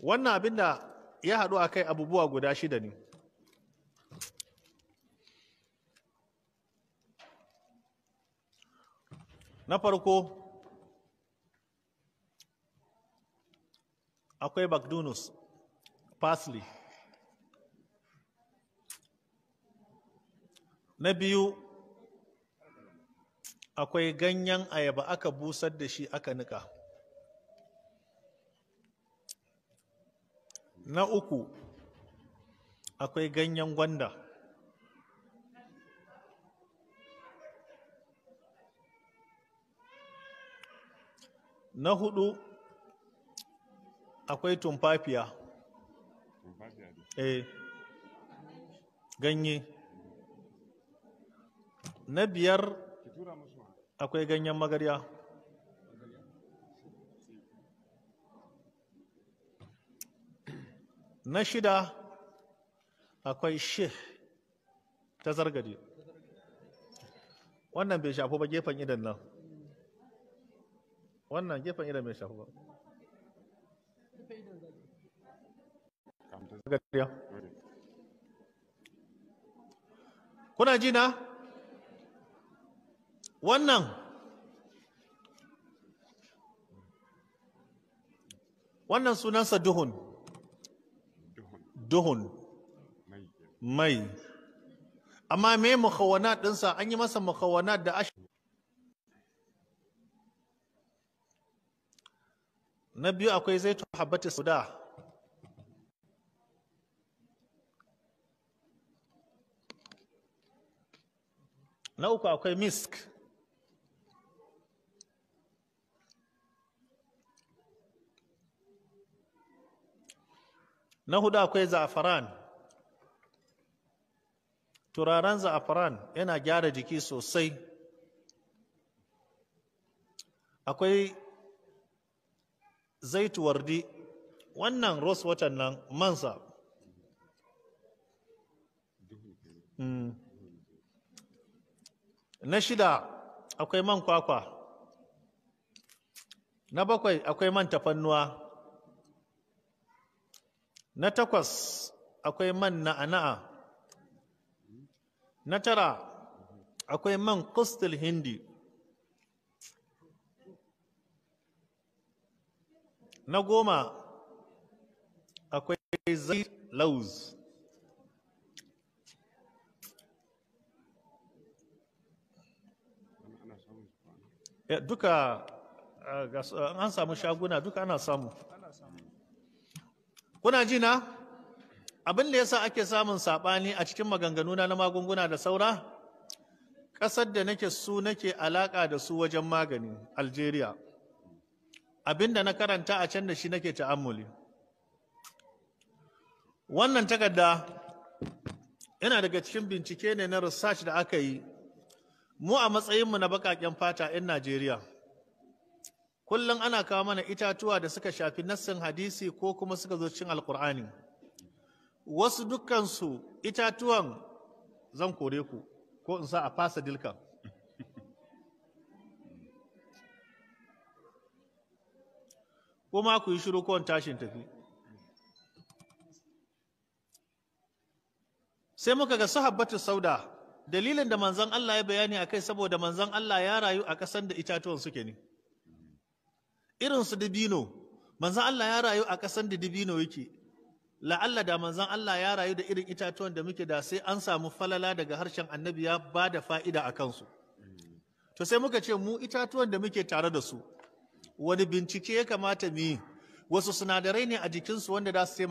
wannan abin da ya haɗu a kai abubuwa guda shida ne na farko akwai bagdunus parsley na biyu akwai ganyen ayaba aka busar da shi aka nika na uku akwai ganyen gwanda na hudu akwai tumfafiya eh ganye na biyar akwai ganyen magarya na shida akwai sheh ta zargade wannan bai shafi ba gefen idan nan wannan gefen idan bai shafi ba kuna ji na wannan wannan sunansa duhun duhun mai amma me makawana ɗinsa an yi masa makawana da ashi na biyu akwai zaitu habbatu sauda na uku akwai misk na hudu akwai za'afaran turaren za'afaran yana gyara jiki sosai akwai zaituwardi wannan rose watan nan mansa hmm. na shida akwai man kwakwa na bakwai akwai man tafannuwa na takwas akwai man na'ana'a na tara akwai man kustil hindi na goma akwai zai lauz duka eh, eh, an samu shaguna duka ana samu kuna ji na abin da yasa ake samun saɓani a cikin maganganuna na magunguna da saura ƙasar da nake su nake alaƙa da su wajen magani algeria abin da na karanta a can da shi nake ta'ammuli wannan takarda yana daga cikin bincike ne na research da aka yi mu a matsayinmu na baƙaƙen fata 'yan najeriya kullum ana kawo mana itatuwa da suka shafi nassin hadisi ko kuma suka zo cikin alkur'ani wasu dukkansu itatuwan zan kore ku ko in sa a fasa dilkan kuma ku yi shiru kowane tashin tafi sai muka ga sahabbatu sauda dalilin da manzon Allah ya bayani akai saboda manzon Allah ya rayu a ƙasan da itatuwan suke ne irin su dibino manzan Allah ya rayu a ƙasan da dibino yake la'alla da manzan Allah ya rayu da irin itatuwan da muke da sai an samu falala daga harshen annabi ya ba da fa'ida a kansu to sai muka ce mu itatuwan da muke tare da su wani bincike ya kamata mu yi wasu sinadarai ne a jikinsu wanda za su